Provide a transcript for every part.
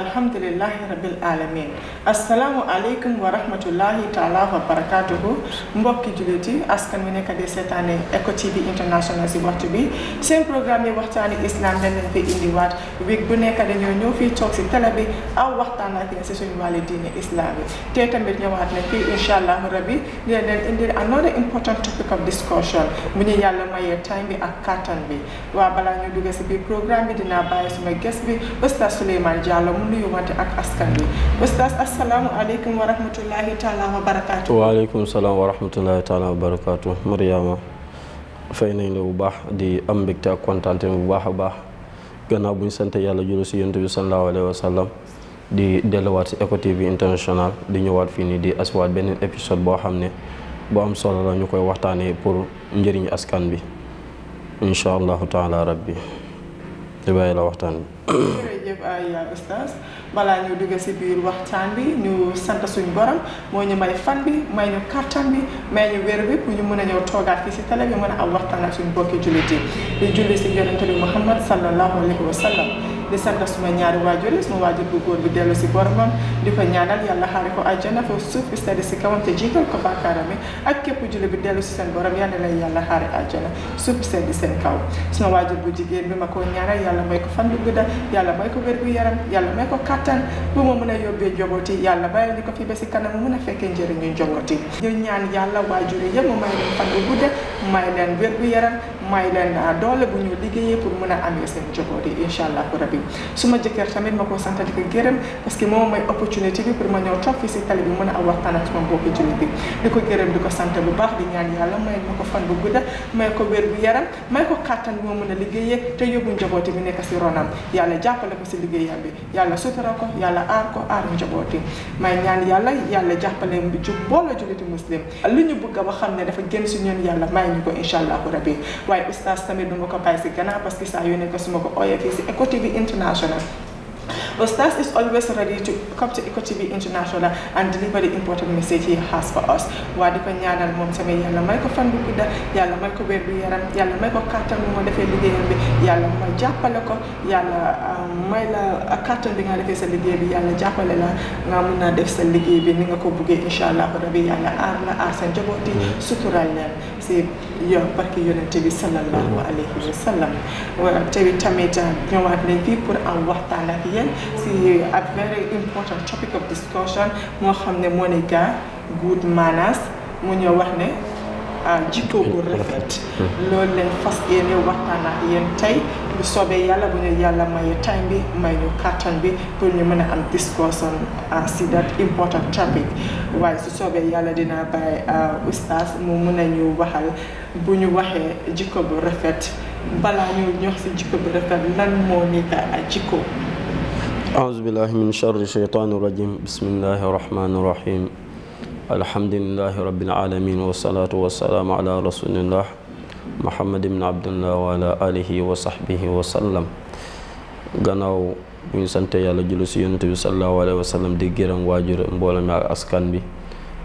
alhamdulillahi rabbil alamin asalaamu aleykum wa rahmatullahi taala wa barakatuhu mbokki jullit askan wi nekk di seetaane Eco TV si waxtu bi seen programme yi waxtaani islam dañ leen fi indiwaat week bu nekk dañoo ñëw fii toog si télé bi aw waxtaan ak yéen si suñu wàllu diine islam yi te tamit ñëwaat nañ fii incha allahu rabbi dina leen indil another important topic of discussion ñu yàlla mayee time bi ak kattan bi waaw balaa ñu duggee si mu nuyuwante ak askan bi oustaz asalaamu aleykum wa rahmatullahi taala wa barakaatu. waaleykum salaam wa rahmatullahi taala wa barakaatu fay nañ la bu baax di am mbégte ak kontaante bu baax a baax gannaaw buñ ñu sant yàlla julli si yonent bi sallallahu alayhi wa di delluwaat si Eco TV di ñëwaat fii nii di aswaat beneen épisode boo xam ne boo am solo la ñu koy waxtaanee pour njëriñu askan bi incha allahu taala rabbi di bàyyi la waxtaan bi. jërëjëf ay oustaz balaa ñu dugg si biir waxtaan bi ñu sant suñu borom moo ñu may fan bi may ñu kàttan bi may ñu wér bi pour ñu mën a ñëw toogaat fii si télé bi mën a am waxtaan ak suñu bokki jullit yi di julli si yonente bi Muhammad sallallahu alayhi wa sallam. di sant suma ñaari waajur yi suma waajur bu góor bi dellu si boromam di ko ñaanal yàlla xaari ko àjjana fa sedd si kawam te jiital ko képp julli dellu si seen borom yal na leen yàlla xaari àjjana suuf bi sedd seen kaw suma waajur bu jigéen bi ma ko ñaanal yàlla may ko fan bu gudda yàlla may ko wér gu yaram yàlla may ko kattan bu ma mën a yóbbee njobooti yàlla bàyyi ñu ko fi ba si kanam mu mën a fekkee njëriñu njobooti ñu ñaan yàlla waajur yi yëpp mu may leen fan bu gudda may leen wér gu yaram may leen ah, doole bu ñu liggéeyee pour mën a amee seen njaboot yi incha allah rabi su ma jëkkër tamit ma ko sant di ko gërëm parce que moom mooy opportunité bi pour ma ñëw toog si tali bi mën a waxtaan ak ko gërëm baax di ñaan yàlla ma ko fan bu ko wér bu yaram may a liggéeyee te yóbbu njabooti nekk si ronam yàlla jàppale ko si liggéeyam bi yàlla sutura ko yàlla aar ko aar njabooti may ñaan yàlla yàlla jàppale bi jub boole julliti muslim li ñu bëgg a xam ne dafa gën si ñun yàlla may ñu ko incha allah rabi waaye oustaz tamit du ma ko bàyyi si gannaaw parce que saa yu nekk su ko ooyee fii si ECO international Ustaz is always ready to come to EcoTV International and deliver the important message he has for us waa di ko ñaanal moom tamit yàlla may ko fan bu gudda yàlla may ko wér bu yaram ko kàttan bu ma defee liggéeyam bi yàlla may jàppale ah, bi nga defee sa liggéey bi yàlla jàppale la nga mun naa def sa liggéey bi ni nga ko buggee incha allah rabbi yàlla aar la aar sa njaboot yi mm-hmm. leen si yo barki yonent bi sallallahu alayhi wa sallam te tamit ah, ñëwaat nañ fii pour am waxtaan ak yéen si a very important topic of discussion moo xam ne moo ne gaa good manners mu ñëw wax ne ah, jikko bu rafet loolu lañ fas yéene waxtaan ak tey bu soobee yàlla bu ñu yàlla mayu time bi may ñu kàttan bi pour ñu mën a am discussion si ah, that important topic waaye su soobee yàlla dinaa bàyyi ah, oustaz mu mën a ñu waxal bu ñu waxee jikko bu rafet balaa ñu ñox si jikko bu rafet lan moo nekk jikko أعوذ بالله من شر الشيطان الرجيم بسم الله الرحمن الرحيم الحمد لله رب العالمين والصلاة والسلام على رسول الله محمد بن عبد الله وعلى yàlla julli si yonent bi di gërëm waajur mbooloo mi ak askan bi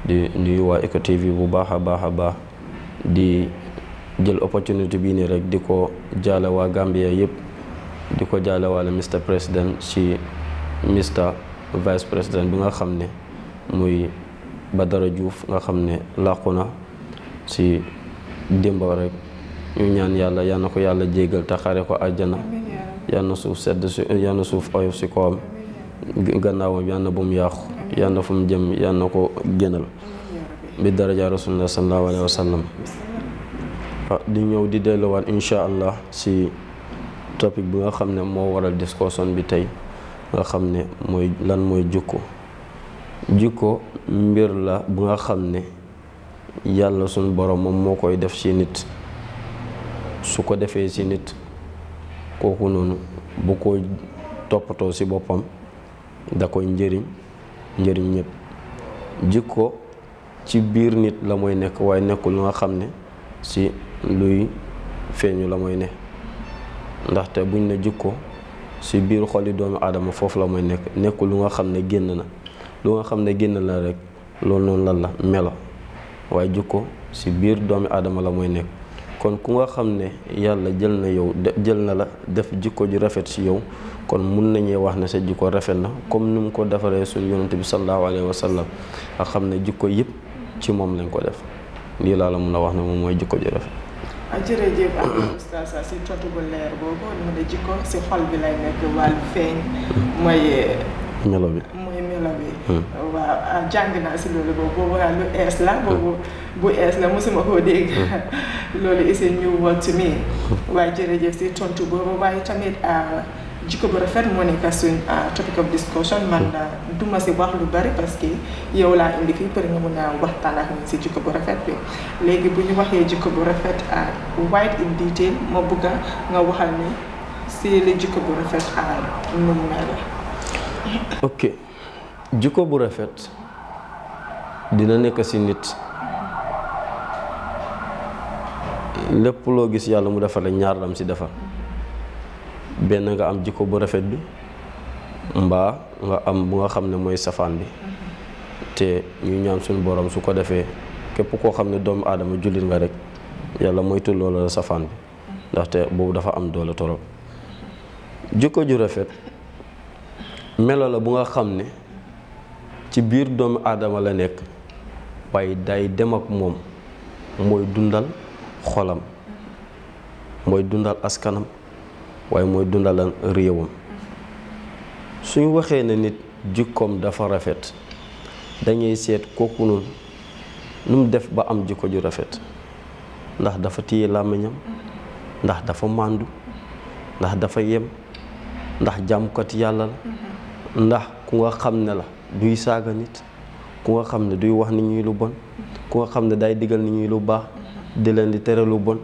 di nuyu waa Eco TV bu baax a baax a baax di jël opportunité bii nii rek di ko jaale waa Gambia yëpp di ko jaalewaale Mr président ci Mr Vice President bi nga xam ne muy ba dara juuf nga xam ne làqu na ci démb rek ñu ñaan yàlla yal na ko yàlla jéggal te xare ko àjjana yal na suuf sedd si yal na suuf oyof si kawam gannaawam yal na bu mu yàqu yal na fu jëm yal na ko gënal bi daraja rasulullah sallallahu alayhi wa sallam ah, di ñëw di delluwaat incha allah si topic bi nga xam ne moo waral discussion bi tey nga xam ne mooy lan mooy jikko jikko mbir la bu nga xam ne yàlla sunu borom moom moo koy def ci nit su ko defee ci nit kooku noonu bu ko toppatoo ci boppam da koy njëriñ njëriñ ñëpp jikko ci biir nit la mooy nekk waaye nekkul lu nga xam ne ci luy feeñu la mooy ne ndaxte buñ ne jikko si biir xoli doomi aadama foofu la mooy nekk nekkul lu nga xam ne génn na lu nga xam ne génn la rek loolu noonu lan la melo waaye jikko si biir doomu aadama la mooy nekk kon ku nga xam ne yàlla jël na yow jël na la def jikko ju rafet si yow kon mun nañuy wax ne sa jikko rafet na comme nu mu ko defaree suñu yonante bi sallallahu alayhi wa sallam nga xam ne jikko yëpp ci moom lañ ko def lii laa la mun a wax ne moom mooy jikko ju rafet Ah, jërëjëf ak ah, oustaz ah, si tontu bu leer boobu mu ne jikko si xol bi lay nekk wàllu feeñ mooy mm. melo bi mooy melo bi mm. waaw jàng naa si loolu boobu boobu lu ees la mm. boobu bu ees la mosuma koo dégg loolu is a new word to me waaye jërëjëf si tontu boobu waaye tamit jikko bu rafet moo nekk suñ euh, topic of discussion man euh, du ma si wax lu bari parce que yow laa indi fii pour ñu mun a waxtaan ak ñun si jikko bu rafet bi léegi bu ñu waxee jikko bu rafet euh, white in detail ma bëgg nga waxal ni si la jikko bu rafet jikko bu rafet dina nekk si nit lépp loo gis yàlla mu defar la ñaar lam si defar benn nga am jikko bu rafet bi mbaa nga am bu nga xam ne mooy safaan bi te ñu ñaan suñu borom su ko defee képp koo xam ne doomu aadama jullit nga rek yàlla moytu loola la safaan bi ndaxte boobu dafa am doole torop jikko ju rafet melo la bu nga xam ne ci biir doomu aadama la nekk waaye day dem ak moom mooy dundal xolam mooy dundal askanam waaye mooy dundalal réewam suñu waxee ne nit jikkoom dafa rafet dañuy seet kooku noonu nu mu def ba am jikko ju rafet ndax dafa tiye làmmiñam ndax dafa màndu ndax dafa yem ndax jàmmkat yàlla la ndax ku nga xam ne la duy saaga nit ku nga xam ne duy wax nit ñuy lu bon ku nga xam ne day digal nit ñuy lu baax di leen di tere lu bon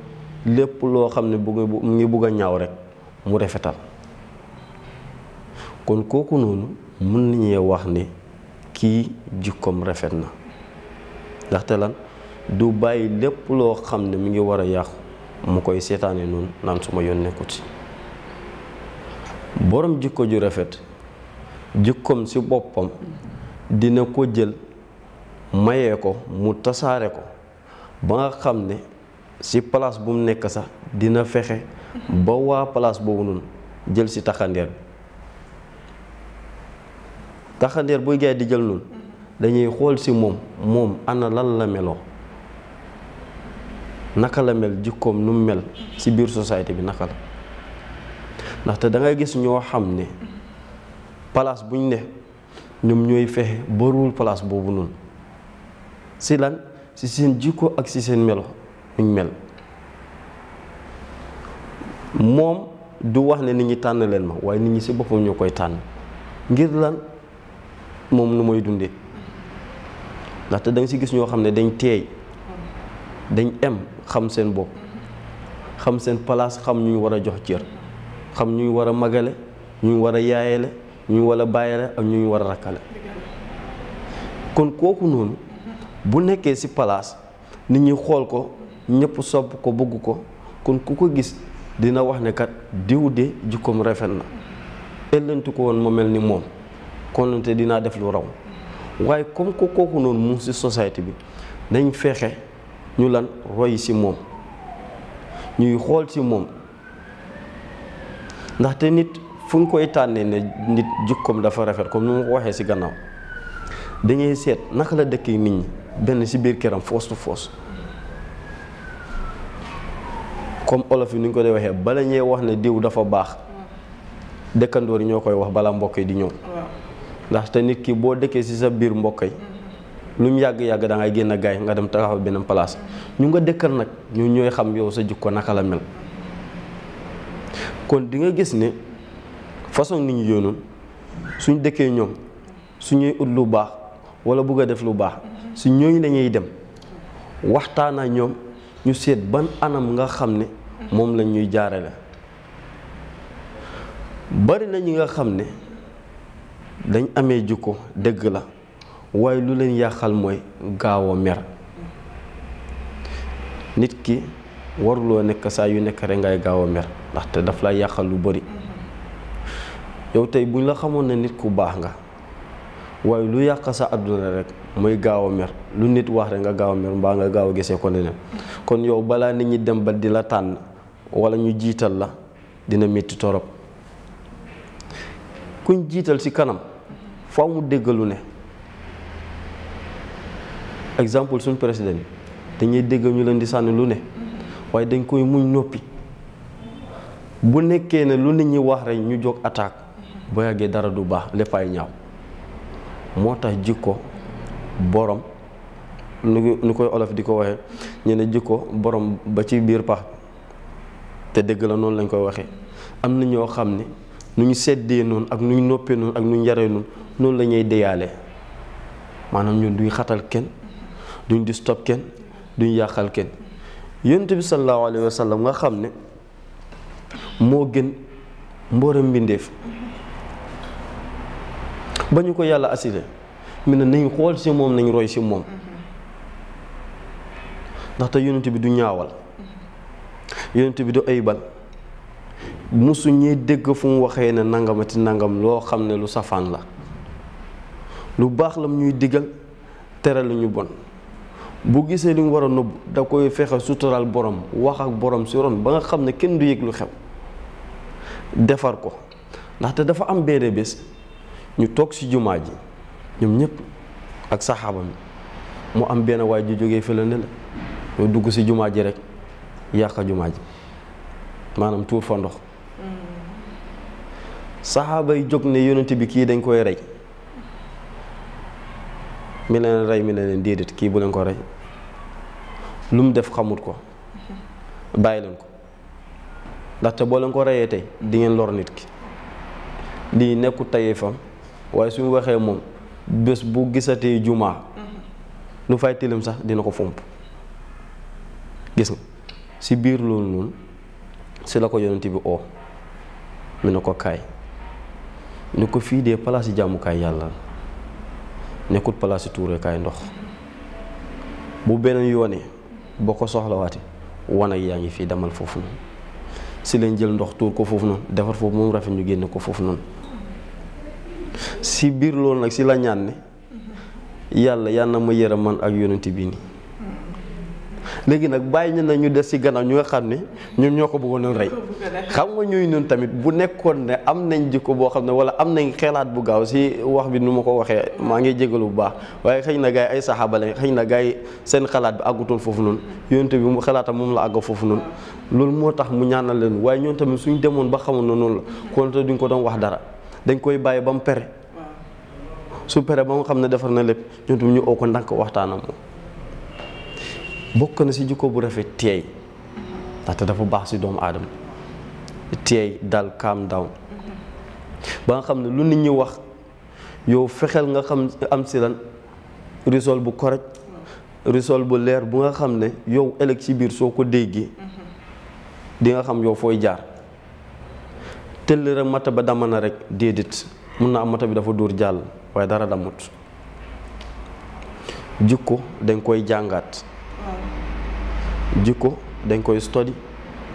lépp loo xam ne bugg mu ngi bugg a ñaaw rek mu rafetal kon kooku noonu mën nañu wax ne kii jikkoom rafet na ndaxte lan du bàyyi lépp loo xam ne mu ngi war a yàqu mu koy seetaane noonu naan suma yoon nekkut si borom jikko ju rafet jikkoom si boppam dina ko jël mayee ko mu tasaare ko ba nga xam ne si place bum nekk sax dina fexe ba waa place boobu noonu jël si taxandeer bi taxandeer buy gaay di jël noonu dañuy xool ci moom moom ànna lan la meloo naka la mel jikkoom nu mel ci biir société bi naka la ndaxte dangay gis ñoo xam ne palaas buñ ne ñoom ñooy fexe barul palaas boobu noonu si lan si seen jikko ak si seen melo nuñ mel moom du wax ne nit ñi tànn leen ma waaye nit ñi si boppam ñoo koy tànn ngir lan moom nu mooy dundee ndaxte da ci gis ñoo xam ne dañ teey dañ em xam seen bopp xam seen palaas xam ñu war a jox cër xam ñu war a magale ñu war a yaayale ñu war a bàyyale ak ñu war a rakkale kon kooku noonu bu nekkee si palaas nit ñi xool ko ñëpp sopp ko bëgg ko kon ku ko gis. dina wax ne kat diw de jukkoom rafet na ëllantu ko woon ma mel ni moom kon te dinaa def lu raw waaye comme ko kooku noonu mu ci société bi dañ fexe ñu lan roy ci moom ñuy xool ci moom ndaxte nit fu nga koy tànnee ne nit jukkoom dafa rafet comme ni ma ko waxee ci gannaaw dañuy seet naka la dëkk nit ñi benn ci biir këram foos to foos comme olof yi ni ñu ko dee waxee bala ñee wax ne diw dafa baax dëkkandoor yi ñoo koy wax bala mbokk yi di ñëw ndax te nit kii boo dëkkee ci sa biir mbokk yi lu mu yàgg-yàgg da ngay génn gaay nga dem taxaw beneen place ñu nga dëkkal nag ñu ñooy xam yow sa jikko naka kon di gis ne façon nit ñu yoonoon suñ dëkkee ñoom suñuy ut lu baax wala bugg a def lu baax su ñooñu lañuy dem waxtaan ak ñoom ñu seet ban anam nga xam ne moom lañ ñuy jaarale bari na ñi nga xam ne dañ amee jikko dëgg la waaye lu leen yàqal mooy gaaw mer nit ki waruloo nekk saa yu nekk rek ngay gaaw a mer ndaxte daf lay yàqal lu bari yow tey buñ la xamoon na nit ku baax nga waaye lu yàq sa àdduna rek mooy gaaw a mer lu nit wax rek nga gaaw mer mbaa nga gaaw a gisee ko neneen kon yow balaa nit ñi dem ba di la tànn wala ñu jiital la dina métti torop kuñ jiital si kanam faw mu déggalu ne exemple suñ président dañuy dégga ñu leen di sànni lu ne waaye dañ koy muñ noppi bu nekkee ne lu nit ñi wax rek ñu jóg attaque bu yàggee dara du baax lépp ay ñaaw moo tax jikko borom nu nu koy olof di ko waxee ñu ne jikko borom ba ci biir pax bi te dëgg la noonu lañ koy waxee am na ñoo xam ne nu ñu seddee noonu ak nu ñu noppee noonu ak nu ñu yaree noonu noonu la ñuy deyaalee maanaam ñun duñ xatal kenn duñ di kenn duñ yàqal kenn yonent bi sallallahu alayhi nga xam ne moo gën mbooram mbindeef ba ñu ko yàlla asile mu ne nañu xool si moom nañ roy si moom mm-hmm. ndaxte yonent bi du ñaawal yonent bi du ayibal musu ñuy dégg fu mu waxee ne nangamati nangam loo xam ne lu safaan la lu baax lam ñuy digal tere lu ñu bon bu gisee li mu war a nëbb da koy fexe suturaal borom wax ak borom si ron ba nga xam ne kenn du yëg lu xew defar ko ndaxte dafa am benn bés ñu toog ci jumaa ji ñoom ñëpp ak saxaaba mu am benn waay ju jógee fële ne la ñoo dugg si jumaa ji rek yàqa jumaa ji maanaam tuur fa ndox saxaaba yi jóg ne yonent bi kii dañ koy rey mi leen rey mi ne leen déedéet kii bu leen ko rey lu mu def xamut ko bàyyi leen ko ndaxte boo leen ko reyee tey dingeen lor nit ki lii nekku tayee fam waaye suñu waxee moom bés bu gisatee jumaa lu fay tilim sax dina ko fomp gis nga si biir loolu noonu si la ko yonent bi oo mu ne ko kaay ne ko fii dee palaasi jàmmukaay yàlla nekkut palaas yi tuurekaay ndox bu beneen yoone boo ko soxlawaati wan ak yaa ngi fii demal foofu noonu si lañ jël ndox tuur ko foofu noonu defar foofu moom rafet ñu génne ko foofu noonu si biir loolu nag si la ñaan yàlla yàlla na ma yërëm man ak yonent bi nii léegi nag bàyyi ñu na ñu des ci gannaaw ñu nga xam ne ñun ñoo ko bëggoon a rey xam nga ñuy ñun tamit bu nekkoon ne am nañ jikko boo xam ne wala am nañ xelaat bu gaaw si wax bi nu ma ko waxee maa ngi jégalu bu baax waaye xëy na gars ay saxaaba xëy na gars yi seen xalaat àggutul foofu noonu yonte bi mu xalaatam moom la àgg foofu noonu loolu moo tax mu ñaanal leen waaye ñoom tamit suñ demoon ba xamoon na noonu la konte duñ ko doon wax dara dañ koy bàyyi ba mu pere su pere ba mu xam ne defar na lépp ñoom tamit ñu oo ko ndànk waxtaanam bokk na si jikko bu rafet teey ndaxte dafa baax si doomu aadama teey daal calm down ba nga xam ne lu nit ñi wax yow fexeel nga xam am si lan risol bu correct risol bu leer bu nga xam ne yow ëllëg ci biir soo ko déggee di nga xam yow fooy jaar tëll rek mata ba dama na rek déedéet mun na am mata bi dafa dóor jàll waaye dara damut jikko dañ koy jàngaat jikko dañ koy study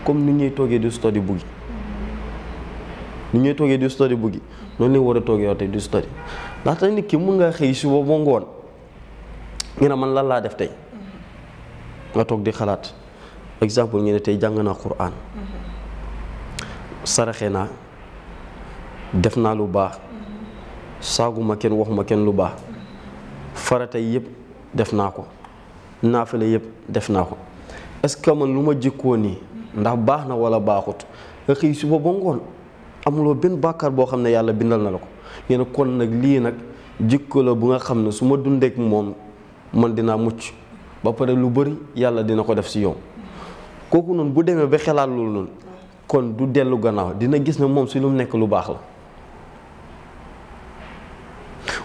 comme ni ñuy toogee di study buggi ni ñuy toogee di study buggi noonu la war a toogee waate di study ndaxte nit ki mun nga xëy suba ba ngoon nga man lan laa def tey nga toog di xalaat exemple nga ne tey jàng naa Qur'an saraxe naa def naa lu baax saaguma kenn waxuma kenn lu baax farata yépp def naa ko naafale yëpp def naa ko est que man lu ma jikkoo nii ndax baax na wala baaxut nga xëy suba ba ngoon amuloo benn bàkkaar boo xam ne yàlla bindal na la ko ngeen kon nag lii nag jikko la bu nga xam ne su ma dundeek moom man dinaa mucc ba pare lu bëri yàlla dina ko def si yow kooku noonu bu demee ba xelaat loolu noonu kon du dellu gannaaw dina gis ne moom si lu mu nekk lu baax la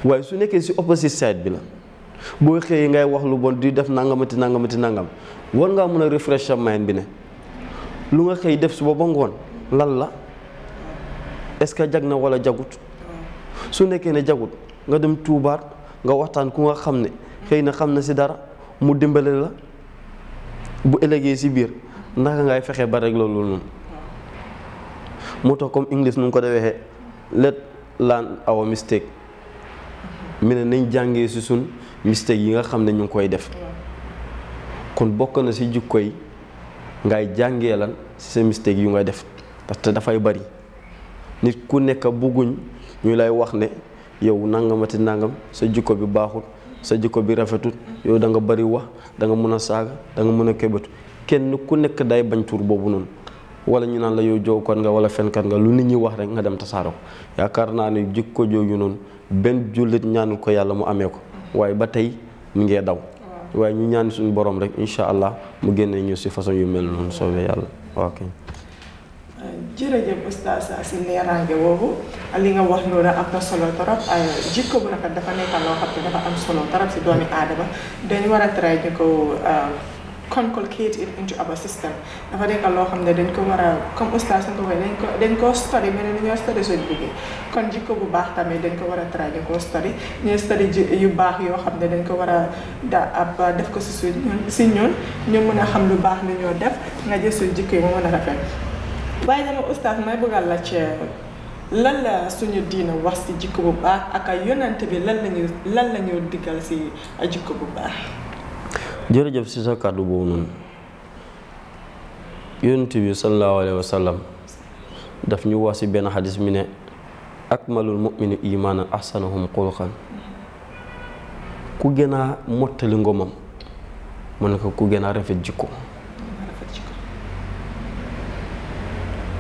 waaye su nekkee si opposite side bi la boo xëyee ngay wax lu bon di def nangamati nàngamati nangam war ngaa mën a refresh sa mind bi ne lu nga xëy def si ba ngoon lan la est-ce que jag na wala jagut su nekkee ne jagut nga dem tuubaat nga waxtaan ku nga xam ne xëy na xam na si dara mu dimbale la bu ëllëgee si biir naka ngay fexe ba rek loolu noonu moo tax comme english nu ko de waxee let learn our mistake mu ne nañ jàngee si sun mistake yi nga xam ne ñu ngi koy def kon bokk na si jikko yi ngay jàngee lan si sa mistake yu ngay def parce que dafay bari nit ku nekk bugguñ ñu lay wax ne yow nangamati nangam sa jikko bi baaxul sa jikko bi rafetul yow da nga bari wax danga mën a saaga danga nga mën a kébatu kenn ku nekk day bañ tuur boobu noonu wala ñu naan la yow jowkat nga wala fenkat nga lu nit ñi wax rek nga dem tasaare ko yaakaar naa ne jikko jooju noonu benn jullit ñaanul ko yàlla mu amee ko waaye ba tey mu ngee daw waaye ñu ñaan suñu borom rek incha allah mu génne ñu si façon yu mel noonu soobee yàlla waaw kay jërëjëf si leeraange boobu li nga wax noonu am na solo trop jikko bu rafet dafa nekk loo xam solo trop si doomi aadama dañ war a traité conculcate it into our system dafa nekk loo xam ne dañ ko war a comme oustaz suñ ko dañ ko dañ koo study mais dañ ñoo study suñ liggéey kon jikko bu baax tamit dañ ko war a try dañ koo study ñu study yu baax yoo xam ne dañ ko war a da ab def ko si si ñun ñu mën a xam lu baax lu ñoo def nga jël suñ jikk yi mu mën a rafet waaye dama oustaz may bëggal la ci lan la suñu diina wax si jikko bu baax ak ay yonante bi lan lañu lan la ñu diggal si jikko bu baax jërëjëf si sa kàddu boobu noonu yonutu bi sallallahu alayhi sallam daf ñu wax si benn xadis mi ne akmalul muminu imaanan ahsanahum xulqan ku gën a mottali ngomam mu ne ko ku gën a rafet jikko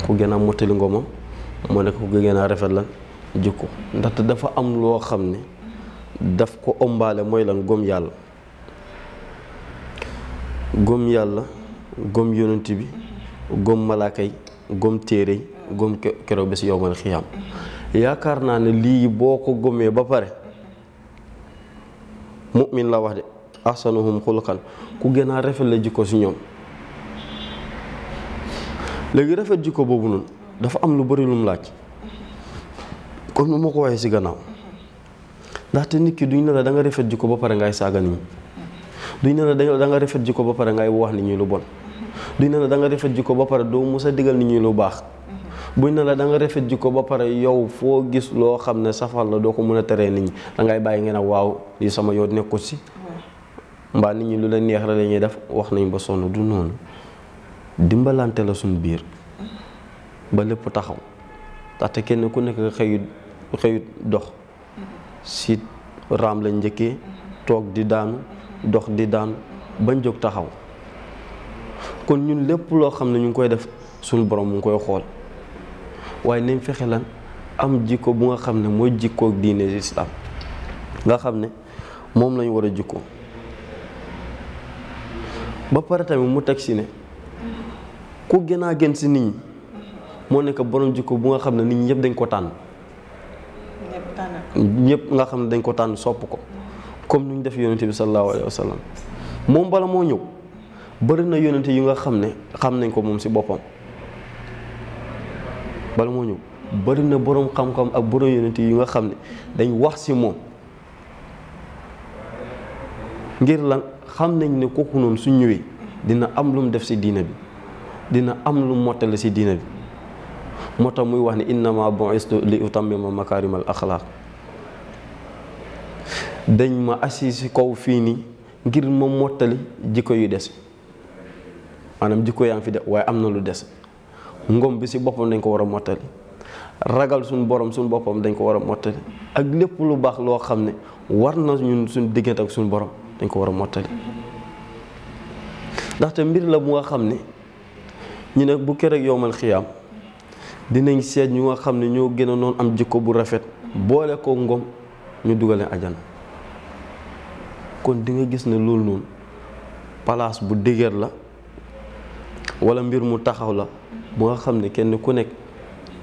ku gën a mottali ngomam mu ne ko ku gën a rafet lan jikko ndaxte dafa am loo xam ne daf ko ombaale mooy lan gom yàlla góom yàlla góom yonent bi góom malaaka yi gëm téere yi gëm keroog bés xiyaam yaakaar naa ne lii boo ko gëmee ba pare mu miin la wax de ahsanuhum xuluqan ku gën a rafet la jikko si ñoom léegi rafet jikko boobu noonu dafa am lu bari lum laaj comme ni ko waxee si gannaaw ndaxte nit ki duñ ne la da nga rafet jikko ba pare ngay saaga nit duñ ne la dañoo da nga rafet jikko ba pare ngay wax nit ñi lu bon duñ ne la da nga rafet ko ba pare doo musa digal nit ñi lu baax buñ ne la da nga rafet ko ba pare yow foo gis loo xam ne safal la doo ko mën a teree nit ñi da bàyyi ngeen waaw lii sama yoon nekkul si mbaa nit ñi lu la neex la lañuy def wax nañ ba sonn du noonu dimbalante la suñ biir ba lépp taxaw ndaxte kenn ku nekk nga xëyut dox siit raam la njëkkee toog di daanu dox di daan bañ jóg taxaw kon ñun lépp loo xam ne ñu ngi koy def suñu borom mu ngi koy xool waaye nañ fexe lan am jikko bu nga xam ne mooy jikkoog diine islam nga xam ne moom lañ war a jikko ba pare tamit mu teg si ne ku gën a gën si nit ñi moo nekk boroom jikko bu nga xam ne nit ñi ñëpp dañ ko tànn ñëpp nga xam ne dañ ko tànn sopp ko comme nu ñu def yonente bi sallallahu alayhi wa moom bala moo ñëw bëri na yonente yu nga xam ne xam nañ ko moom si boppam bala moo ñëw bëri na boroom xam-xam ak boroom yonente yu nga xam ne dañ wax si moom ngir lan xam nañ ne kooku noonu su ñëwee dina am lu mu def si diina bi dina am lu mu mottale si diina bi moo tax muy wax ne innama bu'istu li utammima makaarimal axlaaq dañ ma assis ci kaw fii nii ngir ma mottali jikko yu des maanaam jikko yaa ngi fi de waaye am na lu des ngom bi si boppam dañ ko war a mottali ragal suñu borom suñu boppam dañ ko war a mottali ak lépp lu baax loo xam ne war na ñun suñ diggante ak suñu borom dañ ko war a mottali ndaxte mbir la bu nga xam ne ñu ne bu keroog yowmal xiyaam dinañ seet ñu nga xam ne ñoo gën a noonu am jikko bu rafet boole ko ngom ñu dugaleen ajana kon di nga gis ne loolu noonu palaas bu dëgër la wala mbir mu taxaw la bu nga xam ne kenn ku nekk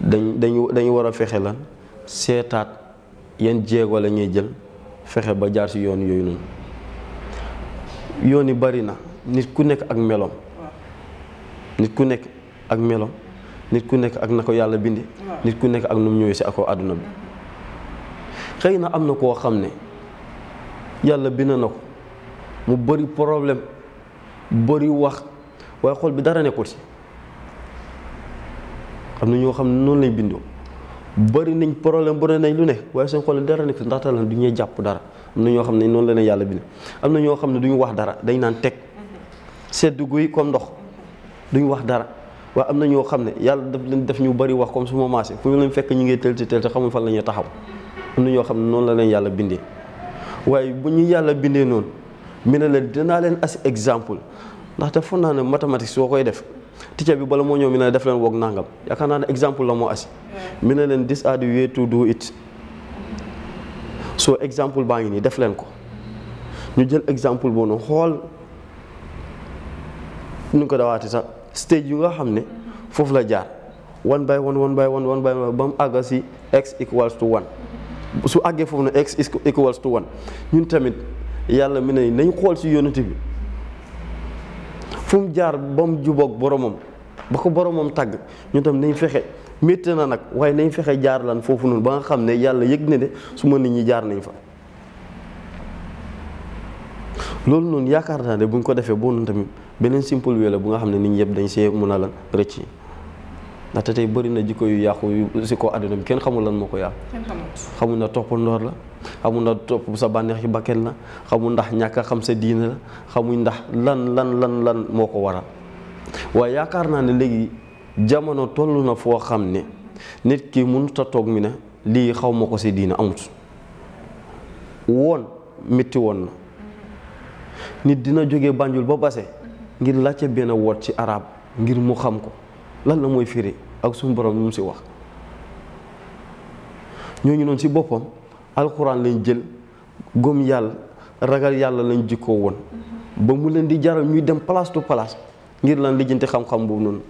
dañ dañu dañu war a fexe la seetaat yenn jéego la ñuy jël fexe ba jaar ci yoon yooyu noonu yoon yi bari na nit ku nekk ak meloom nit ku nekk ak meloom nit ku nekk ak na ko yàlla bindi nit ku nekk ak nu mu ñëwee ci ako àdduna bi xëy na am na koo xam ne yàlla bi na na ko mu bëri problème bëri wax waaye xol bi dara nekkul si am na ñoo xam ne noonu lay bindoo bëri nañ problème bëri nañ lu ne waaye seen xol dara nekk si ndaxte lan du ñuy jàpp dara am ñoo xam ne noonu la ne yàlla bind am na xam ne du wax dara dañ naan teg sedd guy comme ndox du ñu wax dara waaye am na ñoo xam ne yàlla daf leen def ñu bëri wax comme su ma maase fu ñu leen fekk ñu ngi teel si teel si xamul fan la ñuy taxaw am na ñoo xam ne noonu la leen yàlla bindee. waaye bu ñu yàlla bindee noonu mi ne leen dinaa leen as exemple ndaxte foog naa ne mathématique soo koy def teacher bi bala moo ñëw mi ne def leen woog nangam yaakaar naa ne exemple la moo asi mi ne leen this are the way to do it soo exemple baa ngi nii def leen ko ñu jël exemple boobu noonu xool ñu ko dawaati sax stage yu nga xam ne foofu la jaar one by one one by one one by one ba mu àgg si x equals to one su àggee foofu ne x equals to one ñun tamit yàlla mi ne nañ xool si yonent bi fu mu jaar ba juboog boromam ba ko boromam tàgg ñun tamit nañ fexe métti na nag waaye nañ fexe jaar lan foofu noonu ba nga xam ne yàlla yëg ne de su ma nit ñi jaar nañ fa loolu noonu yaakaar naa ne buñ ko defee boo noonu tamit beneen simple wee bu nga xam ne nit ñi yëpp dañ see mun a lan rëcc ndaxte tey bëri na jikko yu yàqu yu si ko àdduna mi kenn xamul lan moo ko yàqu xamul na topp ndoor la xamul na topp sa bànneex yu bakkel la xamul ndax ñàkk a xam sa diine la xamuñ ndax lan lan lan lan moo ko waral waaye yaakaar naa ne léegi jamono toll na foo xam ne nit ki mënut a toog mi ne lii xaw ma ko si diine amut woon métti woon na nit dina jóge bànjul ba base ngir laajte benn woot ci araab ngir mu xam ko lan la mooy firi ak suñu borom ñu si wax ñoo ñu noonu si boppam alxuraan lañ jël gëm yàlla ragal yàlla lañ jikkoo woon ba mu leen di jaral ñuy dem place to place ngir lan lijjanti xam-xam boobu noonu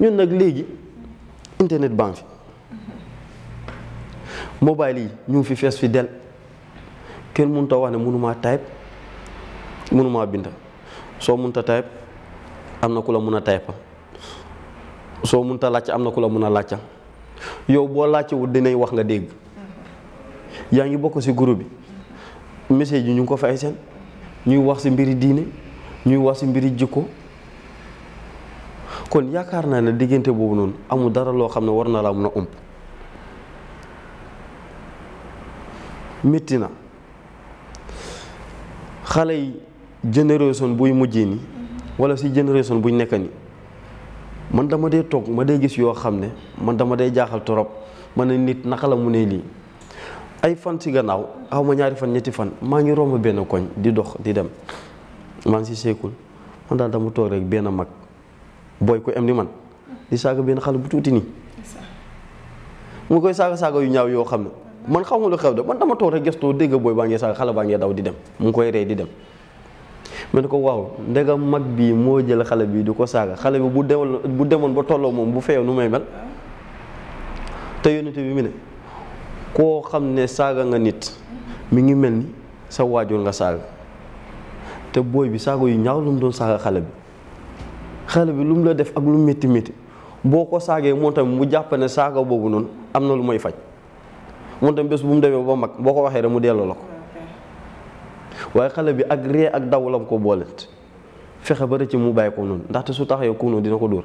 ñun nag léegi internet banque fi mobile yi ñu fi fees fi del kenn mënut a wax ne mënumaa type mënumaa bind soo mënut a type am na ku la mun a type soo munta laajte am na ku la mun a laajte yow boo laajte wut dinañ wax nga dégg yaa ngi bokk ci groupe bi message yi ñu ngi ko fay seen ñuy wax ci mbiri diine ñuy wax ci mbiri jikko kon yaakaar naa ne diggante boobu noonu amul dara loo xam ne war na laa mun a ump métti na xale yi génération buy mujjee ni wala ci génération buy nekk ni man dama day tok ma day gis yo xamne ne man dama day jaxal torop man nit nakala mu ne ay fan ci gannaaw aw ma ñaari fan ñetti fan ma ngi romb ben koñ di dox di dem man ci si man dal dama tok rek ben mag boy ko am ni man di saaga ben xal bu tuti ni mu koy saaga saaga yu ñaaw yo xamne man xamul lu xew de man dama tok rek gesto deg boy ba ngee saaga xale ba ngee daw di dem mu koy rey di dem ma ne ko waaw ndegam mag bii moo jël xale bi du ko saaga xale bi bu demoon bu demoon ba tolloo moom bu feew nu may mel te yonent bi mu ne koo xam ne saaga nga nit mi ngi mel ni sa waajur nga saaga te booy bi saaga yu ñaaw lu mu doon saaga xale bi xale bi lu mu la def ak lu métti métti boo ko saagee moom tamit mu jàpp ne saaga boobu noonu am na lu may faj moom tamit bés bu mu demee ba mag boo ko waxee rek mu delloo la ko waaye xale bi ak ree ak daw lam ko boolet fexe ba ci mu bàyyi ko noonu ndaxte su taxee ko noonu dina ko dóor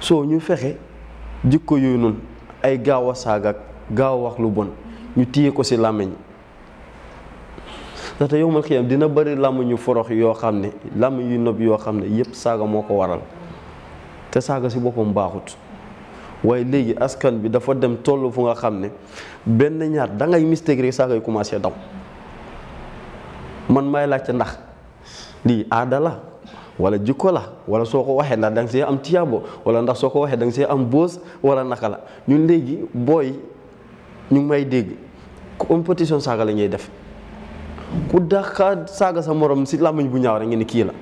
soo ñu fexe jikko yooyu noonu ay gaaw a saaga ak gaaw wax lu bon ñu téye ko si làmmiñ ndaxte yow mal xiyam dina bëri làmmiñu forox yoo xam ne làmmiñ yu nopp yoo xam ne yépp saaga moo ko waral te saaga si boppam baaxut waaye léegi askan bi dafa dem toll fu nga xam ne benn ñaar dangay mistake rek saaga yu commencé daw man may lacc ndax lii wala jikko la wala soko waxe ndax dang nga am tiabo wala ndax soko waxe dang da am boos wala nakala. ñun legi boy ñu may deg compétition saga la ñey def ku dàqa saga sa morom ci làmmiñ bu ñaaw rek ngeen ni la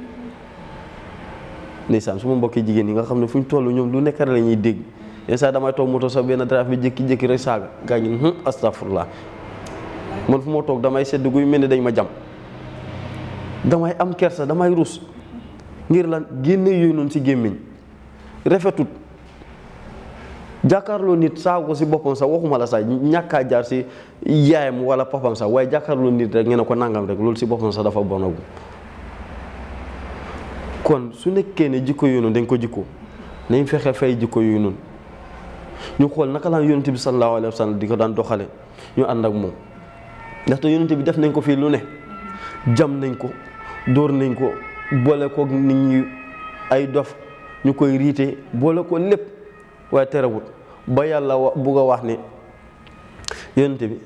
ndeysaan suma mbokk mbokki yi nga xamne fuñ tollu ñom lu nekk la ñey deg yenn saa damay tok moto sa ben drive bi jekki jekki rek saga gaa ngi astafurlah man fu mo tok damay sedd guy melni dañ ma jam damay am kersa damay ruus ngir la génne yooyu noonu si gémmiñ rafetut jàkkaarloo nit saago si boppam sax waxuma la sax ñàkkaa jaar si yaayam wala papam sax waaye jàkkaarloo nit rek ngeen ne ko nangam rek loolu si boppam sax dafa bonagu kon su nekkee ne jikko yooyu noonu dañ ko jikko nañ fexe fay jikko yooyu noonu ñu xool naka laa yonent bi sallallahu alayhi wa di ko daan doxale ñu ànd ak moom ndaxte yonent bi def nañ ko fii lu ne jam nañ ko dóor nañ ko boole ko nit ñi ay dof ñu koy riite boole ko lépp waaye terewut ba yàlla bugg wax ne yonent bi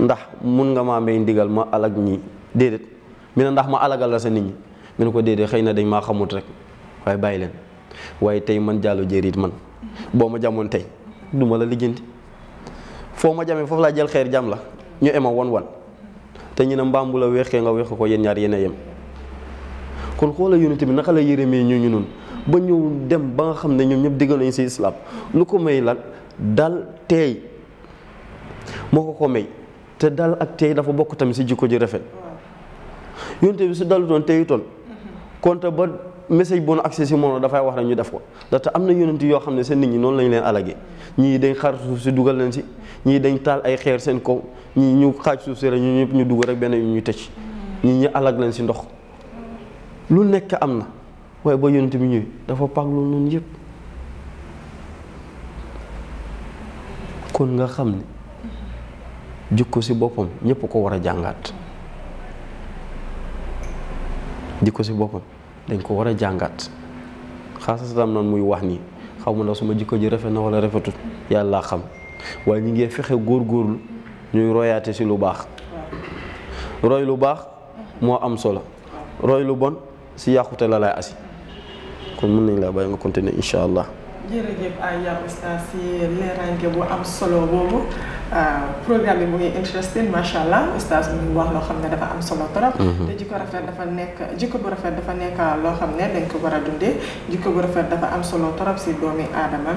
ndax mun nga maa may ndigal ma alag ñi déedéet mi ne ndax ma alagal la sa nit ñi mu ne ko déedéet xëy na dañ maa xamut rek waaye bàyyi leen waaye tey man jàllu jëriit man boo ma jamoon tey duma la lijjanti foo ma jamee foofu laa jël xeer jam la ñu ema wan wan te ñu ne mbaam bu la weexee nga weex ko yéen ñaar yéen a yem kon xoola yonent bi naka la yërëmee ñu ñu ñun ba ñëw dem ba nga xam ne ñoom ñëpp diggal nañu si islam lu ko may lan dal teey moo ko ko may te dal ak teey dafa bokk tamit si jikko ji rafet yonent bi su dalutoon teeyutoon mm-hmm. konte ba message bu nu si moom dafay wax rek ñu def ko ndaxte am na yonent yoo xam ne seen nit ñi noonu lañu leen alage ñii dañ xaar suuf si dugal leen si ñii dañ taal ay xeer seen kaw ñii ñu xaaj suuf si rek ñu ñëpp ñu dugg rek benn ñu tëj ñii ñu alag leen si ndox lu nekk am na waaye ba yonent bi ñëw dafa pàgg loolu noonu yépp kon nga xam ne jikko si boppam ñépp ko war a jàngaat jikko si boppam dañ ko war a jàngat xaasasataam noonu muy wax ni xaw ma ndax suma jikko ji rafet na walla rafetut yàlla xam waaye ñu ngi fexe góor góorgóorlu ñuy royaate si lu baax roy lu baax moo am solo roy lu bon si yàqute la lay asi kon mën nañ laa bàyyi nga continuer incha allah boobu Euh, programme bi mu ngi interesting macha allah oustaz mu wax loo xam ne dafa am solo trop. Mhm. te jikko rafet dafa nekk jikko bu rafet dafa nekk loo xam ne dañ ko war a dundee jikko bu rafet dafa am solo trop si doomi aadama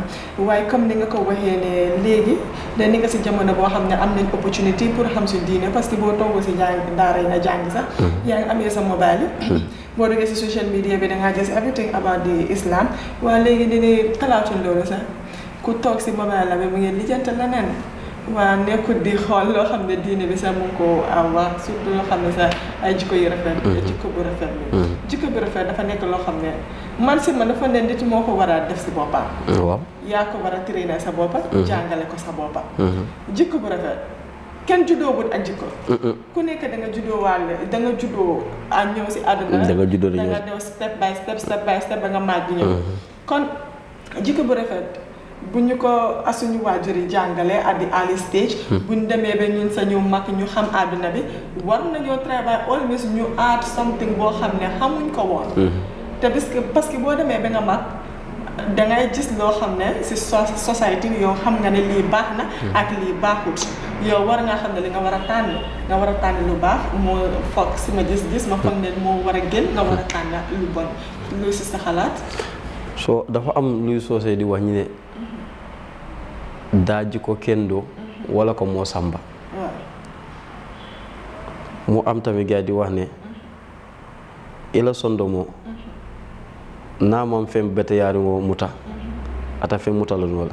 waaye comme ni nga ko waxee ne léegi ne ni nga si jamono boo xam ne am nañ opportunité pour xam si diine parce que boo toogoo si jàng daara yi nga jàng sax. Mhm. yaa ngi amee sa mobile yi. Mhm. boo duggee si social media bi da ngaa gis everything about di islam waa léegi dinañ xalaatuñ loolu sax ku toog si mobile la bi mu ngi lijjante leneen. waa nekkul di xool loo xam ne diine bi sax mu ngi ko wax surtout loo xam ne sax ay jikko yu rafet la mhm. jikko bu rafet mhm. jikko bu rafet dafa nekk loo xam ne man si man dafa ne moo ko war a def si boppam mhm. waaw yaa ko war a traîner sa boppa jàngale ko sa boppa jikko bu rafet kenn juddoo wut ak jikko ku nekk da nga juddoo wàll da nga juddoo a ñëw si àdduna da nga juddoo da nga ñëw step by step step by step ba nga maaj bi ñëw kon jikko bu rafet bu ñu ko asuñu waajur yi jàngalee at the early stage. Hmm. bu ñu demee ba ñun sa ñu mag ñu xam àdduna bi war nañoo travail always ñu add something boo xam ne xamuñ ko woon. Hmm. te parce que parce que boo demee ba nga mag dangay gis loo xam ne si society yow xam nga ne lii baax na. Hmm. ak lii baaxut yow war nga xam ne li nga war a tànn lu baax moo foog si ma gis-gis. ma foog ne moo war a gën nga war a tànn lu bon lu si sa xalaat. soo dafa am luy soosee di wax ñu ne. daaji ko doo wala ko moo sàmba mu am tamit gaa di wax ne ila sondomo naamam fem bete yaariŋo muta ata fem muta la ñu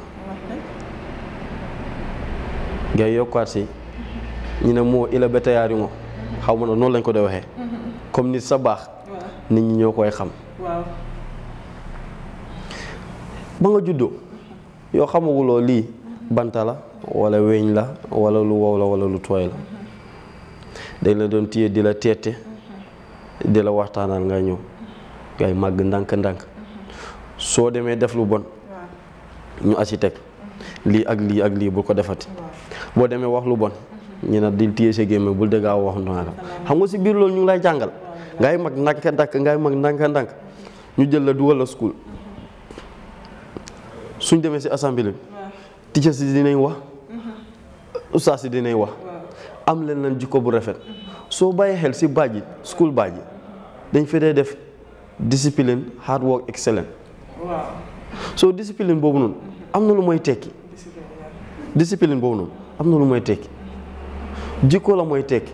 ne moo ila xaw ma na noonu lañ ko dee waxe comme nit sa baax nit ñi ñoo koy xam ba nga juddoo yoo xamaguloo lii banta la wala weñ la wala lu wow la wala lu tooy la dañ la doon téye di la teete di la waxtaanal nga ñëw ngay màgg ndànk-ndànk soo demee def lu bon ñu asi teg lii ak lii ak lii bul ko defati boo demee wax lu bon ñu ne di téye sa gémme bul dëggaa wax naa xam nga si biir loolu ñu ngi lay jàngal ngay mag ndànk-ndànk ngay mag ndànk-ndànk ñu jël la dugal la school suñ demee si assemblée teachers yi dinañ wax mm-hmm. ustaas yi dinañ wax am leen lan jikko bu rafet mm-hmm. soo bàyyi xel si baaj yi school baaj yi mm-hmm. dañ fa def discipline hard work excellent soo discipline boobu noonu am na lu mooy tekki discipline boobu noonu am na lu mooy tekki jikko la mooy tekki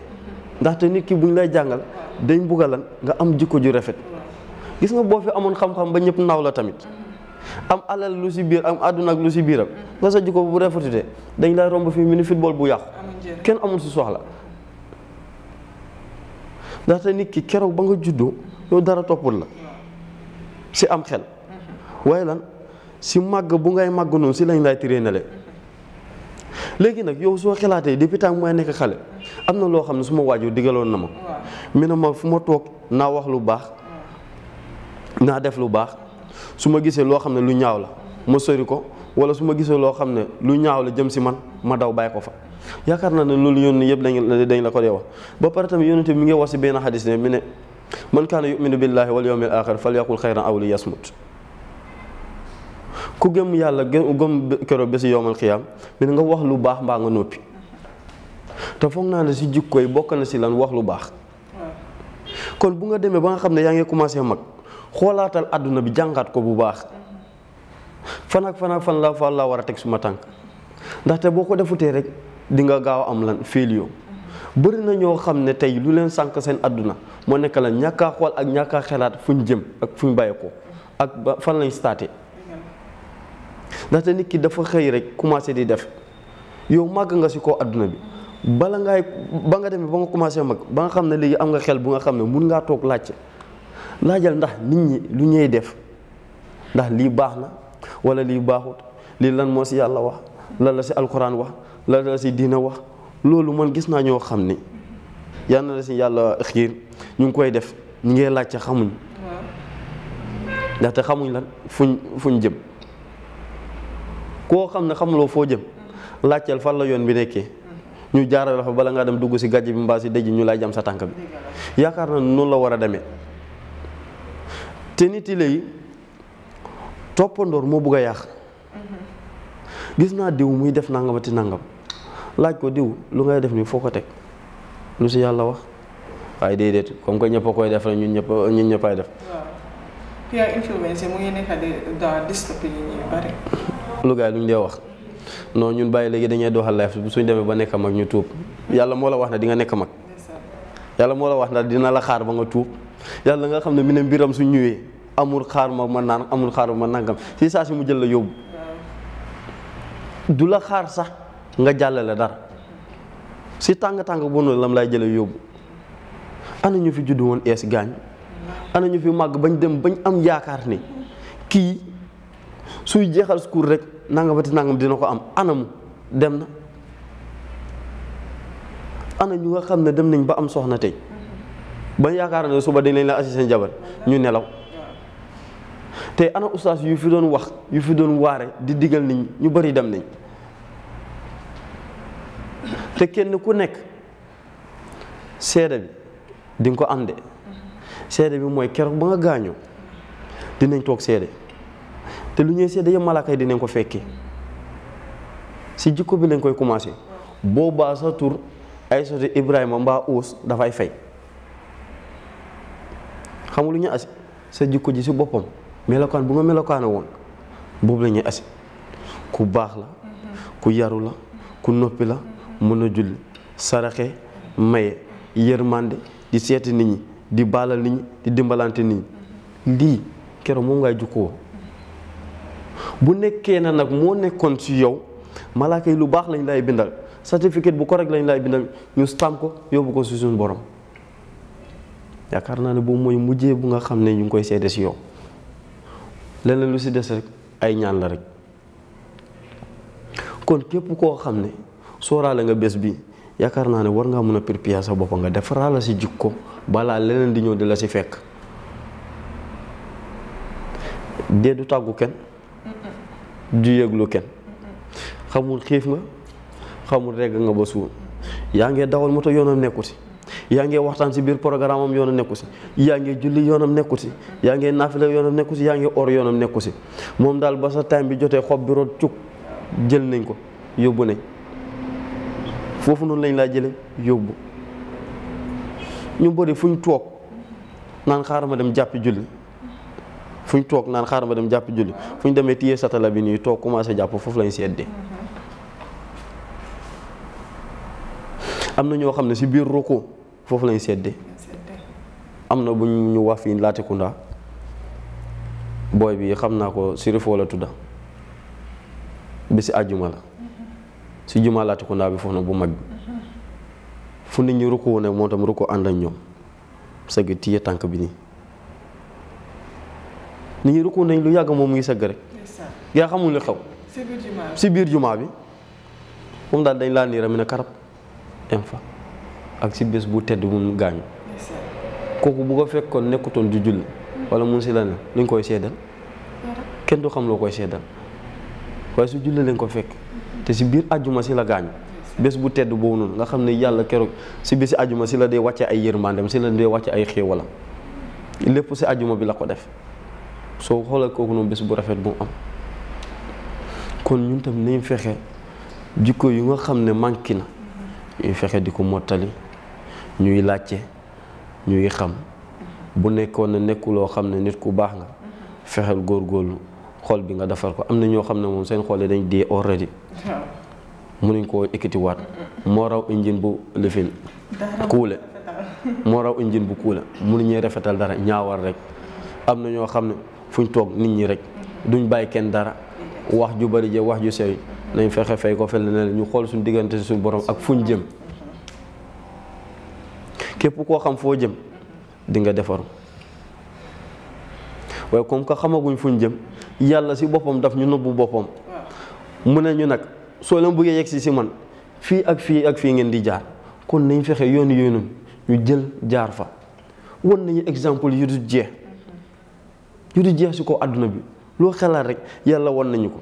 ndaxte nit ki bu ñu lay jàngal dañ bugga lan nga am jikko ju rafet gis nga boo fi amoon xam-xam ba ñëpp naaw la tamit am alal lu si biir am àdduna ak lu si biiram nga sa jikko bu rafetute dañ lay romb fii mu ni football bu yàqu kenn amul si soxla ndaxte nit ki keroog ba nga juddoo yow dara toppul la si am xel waaye lan si màgg bu ngay màgg noonu si lañ lay tiré nale léegi nag yow soo xalaatee depuis mooy nekk xale am na loo xam ne su suma waajur digaloon na ma mi ne ma fu ma toog naa wax lu baax naa def lu baax su ma gisee loo xam ne lu ñaaw la ma sori ko wala su ma gisee loo xam ne lu ñaaw la jëm si man ma daw bàyyi ko fa yaakaar naa ne loolu yoon yëpp dañ dañ la ko dee wax ba pare tamit yónni mi ngi wax si benn xadis ne mi ne man kaana yuminu billahi wal yawmil axir fal yaqul xayran aw li yasmut ku gëm yàlla gëm keroog ba si yowmal xiyaam mi ne nga wax lu baax mbaa nga noppi te foog naa ne si jikko yi bokk na si lan wax lu baax kon bu nga demee ba nga xam ne yaa ngi commencé mag xoolaatal àdduna bi jàngaat ko bu baax fan ak fan ak fan la fa laa war a teg suma tànk ndaxte boo ko defutee rek di nga gaaw am lan failure bëri na ñoo xam ne tey lu leen sànq seen àdduna moo nekk la ñàkk xool ak ñàkkaa a xelaat fu ñu jëm ak fu ñu bàyyi ko ak ba fan lañ staté ndaxte nit kii dafa xëy rek commencé di def yow màgg nga si ko àdduna bi bala ngaay ba nga demee ba nga commencé mag ba nga xam ne léegi am nga xel bu nga xam ne mun ngaa toog laajte laajal ndax nit ñi lu ñuy def ndax lii baax na wala lii baaxut lii lan moo si yàlla wax lan la si alkuraan wax lan la si diina wax loolu man gis naa ñoo xam ni yal si yàlla xiir ñu ngi koy def ñu ngi laajte xamuñ ndaxte xamuñ lan fuñ fuñ jëm koo xam ne xamuloo foo jëm mm. laajteel fan la yoon bi nekkee mm. ñu jaarale fa bala ngaa dem dugg si gàjj bi mbaa si dëj ñu lay jam sa tànk bi yaakaar na noonu la war a demee te nit yi léegi toppandoor moo bugg a yàq gis naa diw muy def nangamati nangam laaj ko diw lu ngay def nii foo ko teg lu si yàlla wax waaye déedéet comme ko ñëpp a koy def rek ñun ñëpp ñu ñëpp ay def. lu gars yi luñ dee wax non ñun bàyyi léegi dañuy doxal life suñ demee ba nekk mag ñu tuub yàlla moo la wax ne di nga nekk mag yàlla moo la wax ne dina la xaar ba nga tuub. yàlla nga xam ne mu ne mbiram su ñëwee amul xaar ma ma naan amul xaar ma nangam si saa si mu jël la yóbbu du la xaar sax nga jàllale dara si tàng tàng bon lam lay jële yóbbu ana ñu fi juddu woon ees gaañ ana ñu fi màgg bañ dem bañ am yaakaar ni kii suy jeexal school rek nangamati nàngam dina ko am anamu dem na ana ñu nga xam ne dem nañ ba am soxna tey ba yaakaar na suba dinañ leen la asi seen jabar ñu nelaw te ana ustaas yu fi doon wax yu fi doon waare di digal nit ñu bari dem nañ te kenn ku nekk seede bi di ko am de seede bi mooy keroog ba nga gaañoo dinañ toog seede te lu ñuy seede yëpp malaaka dinañ ko fekkee si jikko bi lañ koy commencé boobaa sa tur ay soti Ibrahima mbaa uus dafay fey xamul ñu asi sa jukko ji si boppam melokaan bu nga melokaana woon boobu la asi ku baax la ku yaru la ku noppi la mën na julli saraxe maye yërmande di seeti nit ñi di baalal nit ñi di dimbalante nit ñi lii keroog moom ngay jukkoo bu nekkee na nag moo nekkoon si yow malaaka yi lu baax lañ lay bindal certificat bu ko rek lañ lay bindal ñu stamp ko yóbbu ko si suñu borom yaakaar naa ne boobu mooy mujjee bu nga xam ne ñu ngi koy seede si yow leneen lu si des rek ay ñaan la rek kon képp koo xam ne sóoraale nga bés bi yaakaar naa ne war ngaa mën a préparer sa bopp nga defaraa la si ko balaa leneen di ñëw di la si fekk dee du tàggu kenn du yëglu kenn xamul xiif nga xamul regg nga ba suur yaa ngee dawal moto yoonam nekkuti yaa ngee waxtaan si biir programme am yoonam nekku si yaa ngee julli yoonam nekku si yaa ngee naafila yoonam nekku si yaa ngee nekku si moom daal ba sa time bi jotee xob bi rot cuk jël nañ ko yóbbu nañ foofu noonu lañ laa jële yóbbu ñu bëri fuñ toog naan xaaral ma dem jàpp julli fuñ toog naan xaaral ma dem jàppi julli fuñ demee téye satala bi nii toog commencé jàpp foofu lañ seddee am na ñoo xam ne si biir ruku foofu lañu sedde am na bu ñu wax fii Latrikunda booy bi xam naa ko Sirifo la tudda bi si àjjuma la si jumaa Latrikunda bi foofu nag bu mag bi fu nit ñi rukkoo ne moo tam rukkoo ànd ak ñoom sëgg tiye tànk bi nii nit ñi rukkoo nañ lu yàgg moom mu ngi sëgg rek yaa xamul li xew si biir jumaa bi moom daal dañ laa niiram ne karab em ak si bés bu tedd bu mu gaañu kooku bu ko fekkoon nekkutoon ju julli wala mun si la ne li nga koy seddal kenn du xam loo koy seddal waaye su julli lañ ko fekk te si biir ajjuma si la gaañu bés bu tedd boobu noonu nga xam ne yàlla keroog si bési àjjuma si la dee wàcce ay yërmandem si la dee wàcce ay xéewalam lépp si àjjuma bi la ko def soo xoolal kooku noonu bés bu rafet bu am kon ñun tam nañ fexe jikko yu nga xam ne manqué na ñu fexe di ko mottali ñuy laajte ñuy xam bu nekkoon ne nekkuloo xam ne nit ku baax nga fexeel góorlu xool bi nga defar ko am na ñoo xam ne moom seen xoolee dañ dee already mënuñ koo ekkatiwaat moo raw injin bu lifin kuule moo raw injin bu kuule mënuñuy rafetal dara ñaawal rek am na ñoo xam ne fu ñu toog nit ñi rek duñ bàyyi kenn dara wax ju bari je wax ju sew nañ fexe fay ko fel na ñu xool suñ diggante suñ borom ak fu ñu jëm képp koo xam foo jëm di nga defaru waaye comme que xamaguñ fuñ jëm yàlla si boppam daf ñu nëbbu boppam mu ne ñu nag soo leen bëggee yegg si si man fii ak fii ak fii ngeen di jaar kon nañ fexe yoonu yoonu ñu jël jaar fa wan nañu exemple yu du jeex yu du jeex si ko àdduna bi loo xelaat rek yàlla wan nañu ko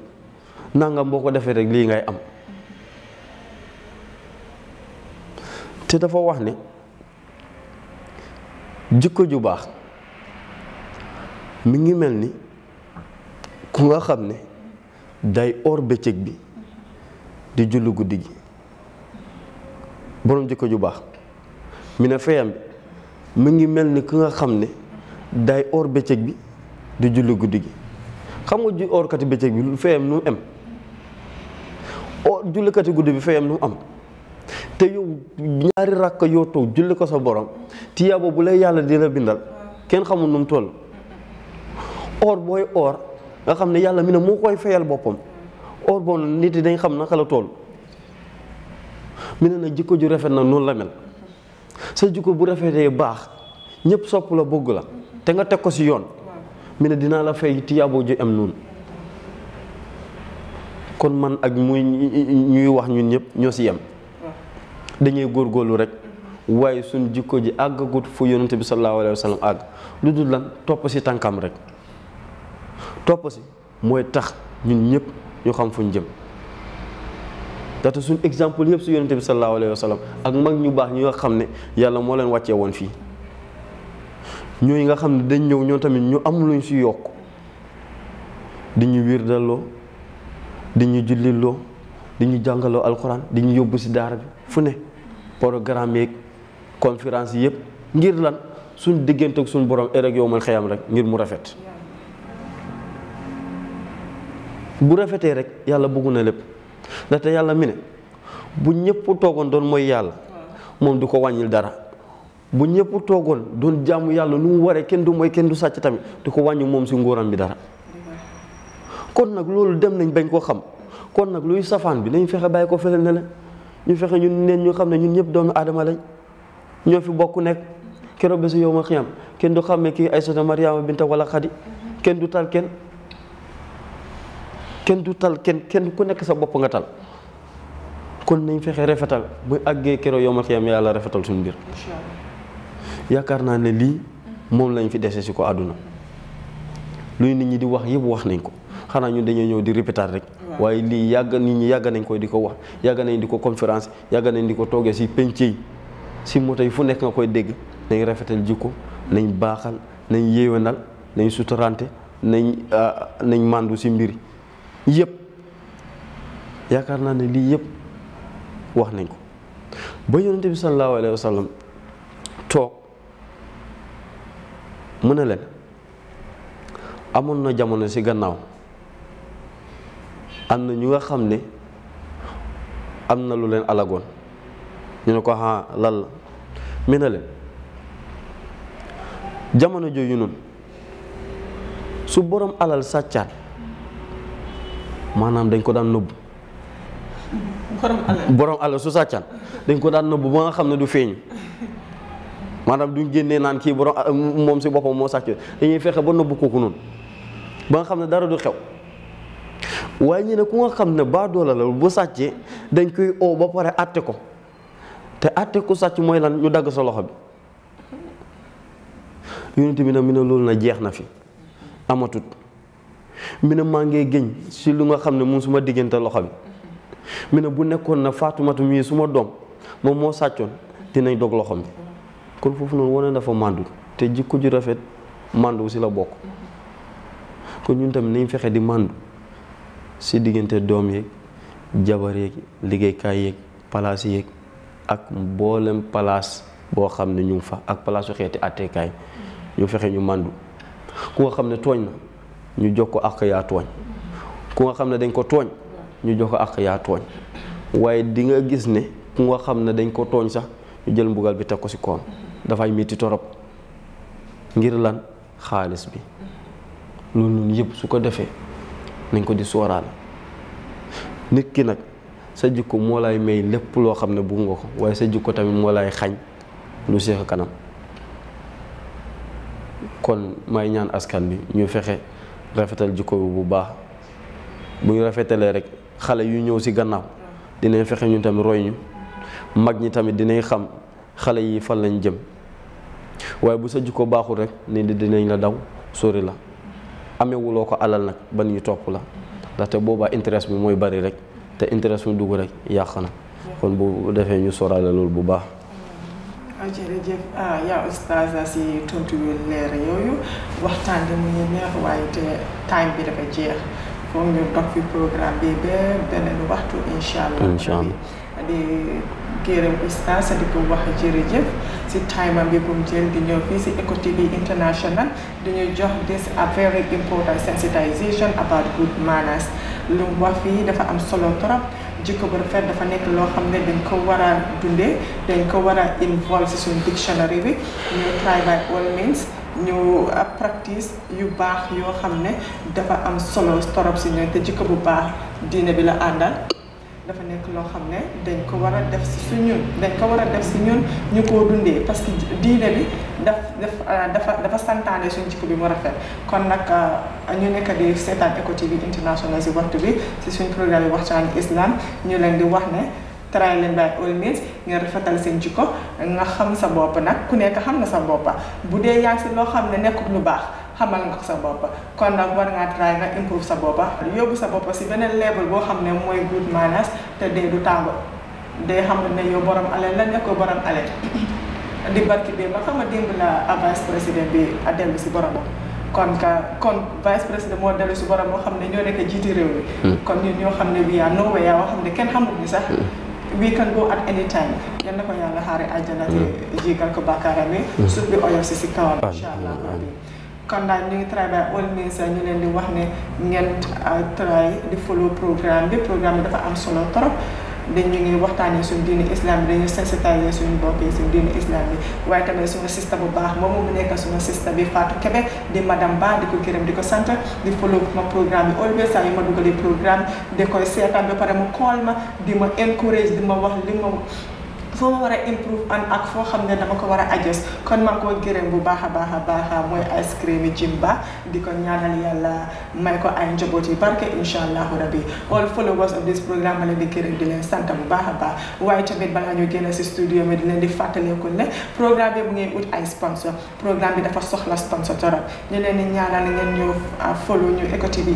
nangam boo ko defee rek lii ngay am te dafa wax ne jikko ju baax mi ngi mel ni ku nga xam ne day or bëccëg bi di jullu guddi gi boroom jikko ju baax mu ne feyam bi mi ngi mel ni ku nga xam ne day or bëccëg bi di julli guddi gi xam nga ji orkati bëccëg bi feyam nu mu am jullikati guddi bi feyam nu am te yow ñaari rakk yoo toog julli ko sa borom tiyaaba bu lay yàlla dina bindal kenn xamul nu tool toll or booy or nga xam ne yàlla mi ne moo koy fayal boppam or boo nit yi dañ xam naka la tool mi ne na jikko ju rafet na noonu la mel sa jikko bu rafetee baax ñëpp sopp la bëgg la te nga teg ko si yoon mi ne dinaa la fay tiyaabo ju am noonu kon man ak muy ñuy wax ñun ñëpp ñoo si yem dañuy góor góorlu rek waaye suñ jikko ji àggagut fu yonante bi sallallahu alayhi wa sallam àgg lu dul lan topp si tànkam rek topp si mooy tax ñun ñëpp ñu xam fuñ jëm ndaxte suñ exemple yëpp si yonante bi sallallahu alayhi wa sallam ak mag ñu baax ñi nga xam ne yàlla moo leen wàccee woon fii ñoo yi nga xam ne dañ ñëw ñoo tamit ñu am luñ si yokk di ñu wirdaloo di ñu julliloo di ñu jàngaloo alxuraan di ñu yóbbu si daara bi fu ne programme yeeg conférence yëpp ngir lan suñ diggante ak suñ borom erek yow man xëyam rek ngir mu rafet bu rafetee rek yàlla bëggu na lépp ndaxte yàlla mi ne bu ñëpp toogoon doon mooy yàlla moom du ko wàññil dara bu ñëpp toogoon doon jaamu yàlla lu mu waree kenn du mooy kenn du sàcc tamit du ko wàññi moom si nguuram bi dara kon nag loolu dem nañ bañ koo xam kon nag luy safaan bi nañ fexe bàyyi ko fële ne ñu fexé ñun neen ñu xamné ñun ñëpp doomu adama lañ ñoo fi bokku nek kéro bésu yow ma xiyam kenn du xàmme kii aysata mariama binta wala khadi kenn du tal kenn kenn du tal kenn kenn ku nek sa bop nga tal kon nañ fexé rafetal bu ya kéro yow ma xiyam yàlla rafetal suñu bir yaakaar naa ne lii lañ fi déssé ci ko aduna luy nit ñi di wax yëpp wax nañ ko xanaa ñu dañoo ñëw di répéter rek waaye lii yàgg nit ñi yàgg nañ koy di ko wax yàgg nañ di ko conférence yàgg nañ di ko toogee si penc yi si moto yi fu nekk nga koy dégg nañ rafetal jikko nañ baaxal nañ yéwénal nañ sutarante nañ ah, nañ màndu si mbir yépp yaakaar naa ne lii yëpp wax nañ ko ba yonente bi sallallahu alayhi wa sallam toog mu ne leen amoon na jamono si gannaaw am na ñu nga xam ne am na lu leen alagoon ñu ne ko ah lal la mi na leen jamono jooju noonu su borom alal sàccaat maanaam dañ ko daan nëbbu. borom alal su sàccaan dañ ko daan nëbbu ba nga xam ne du feeñu maanaam duñ génnee naan kii borom moom si boppam moo sàcc dañuy fexe ba nëbbu kooku noonu ba nga xam ne dara du xew. waaye ñu ne ku nga xam ne baa doola la bu sàccee dañ koy oo ba pare àtte ko te àtte ku sàcc mooy lan ñu dagg sa loxo bi yonent bi nag mu na jeex na fi amatut mi maa ngee géñ si lu nga xam ne moom su diggante loxo mi ne bu nekkoon na faatumatu mii su doom moom moo sàccoon dinañ dog loxo bi kon foofu noonu wane na te jikko ju rafet màndu si la bokk kon ñun tamit nañ fexe di màndu si diggante doom yéeg jabar yeeg liggéeykaay yeeg palaas yéeg ak mboolem palaas boo xam ne ñu fa ak palaasu xeeti àtteekaay ñu fexe ñu màndu ku nga xam ne tooñ na ñu jox ko àq yaa tooñ ku nga xam ne dañ ko tooñ ñu jox ko àq yaa tooñ waaye dinga gis ne ku nga xam ne dañ ko tooñ sax ñu jël mbugal bi teg ko si koom dafay metti torop ngir lan xaalis bi loolu noonu yëpp su ko defee nañ ko di sóoraale nit ki nag sa jikko moo lay may lépp loo xam ne bu nga ko waaye sa jikko tamit moo lay xañ lu seex kanam kon may ñaan askan bi ñu fexe rafetal jikko bi bu baax bu ñu rafetalee rek xale yu ñëw ci gannaaw dinañ fexe ñu tamit roy ñu mag ñi tamit dinañ xam xale yi fan lañ jëm waaye bu sa jikko baaxul rek nit di dinañ la daw sori la amewuloo ko alal nag ba ñu topp la ndaxte booba intérêt bi mooy bari rek te intérêt mu dugg rek yàq na kon bu defee ñu soraale loolu bu baax. Ah, jërëjëf ah, yaa oustaz si tontu leer yooyu waxtaan bi mu neex waaye te time bi dafa jeex foog ñu dog fi programme bi ba waxtu incha allah. gërëm oustaz di ko wax jërëjëf si time am bi bu mu jël di ñëw fii si Eco TV International di ñu jox this a very important sensitization about good manners lu mu wax fii dafa am solo trop jikko bu rafet dafa nekk loo xam ne dañ ko war a dundee dañ ko war a involve si suñu dictionary bi ñu try by all means ñu uh, practice yu baax yoo xam ne dafa am solo torop si ñoom te jikko bu baax diine bi la àndal dafa nekk loo xam ne dañ ko war a def si suñun dañ ko war a def si ñun ñu koo dundee parce que diine bi daf dafa dafa santaane suñ jikko bi mu rafet kon nag ah, ñu nekk di seetaan Eco TV International si waxtu bi si suñ programme yi waxtaan islam ñu leen di wax ne try leen by all means nga rafetal seen ci ko nga xam sa bopp nag ku nekk xam na sa boppa bu dee yaa ngi si loo xam ne nekkul lu baax xamal nga sa bopp kon nag war ngaa try nga improve sa bopp yóbbu sa bopp si beneen level boo xam ne good manners te dee du tango day xam ne yow borom ale la nekkoo borom ale di barki bi ma xam nga démb la vice président bi a dellu si borom kon ka kon vice président moo dellu si borom moo xam ne ñoo nekk jiiti réew mi hmm. kon ñun ñoo xam ne wi yaa noo yaa xam ne sax hmm. we can go at any time yal na ko yàlla xaare àjjana te hmm. jiigal ko bàkkaaram yi suuf bi oyof si si kawam incha kon daal ñu ngi try by all means ñu leen di wax ne ngeen ah, try di follow programme bi programme bi dafa am solo trop dañ ñu ngi waxtaanee suñu diini islam bi dañu sensitiser suñu bopp yi suñu bi waaye tamit suñu sista bu baax moom mu nekk suñu sista bi Fatou Kebe di madame Ba di ko gërëm di ko santa di follow ma programme bi always saa yu ma dugalee programme di koy seetaan ba pare mu call ma di ma encourage di ma wax li ma. foo war a improve an ak foo xam ne dama ko war a adjust kon ma koo gërëm bu baax a baax a baax mooy ice cream yi Jimba di ko ñaanal yàlla may ko ay njaboot yi barke incha allahu rabi all followers of this programme ma leen di gërëm di leen sant bu baax a baax waaye tamit balaa ñu génn si studio mi di leen di fàttaleeku ne programme bi mu ngi ut ay sponsor programme bi dafa soxla sponsor torop ñu leen di ñaanal ngeen ñëw ah, follow ñu Eco TV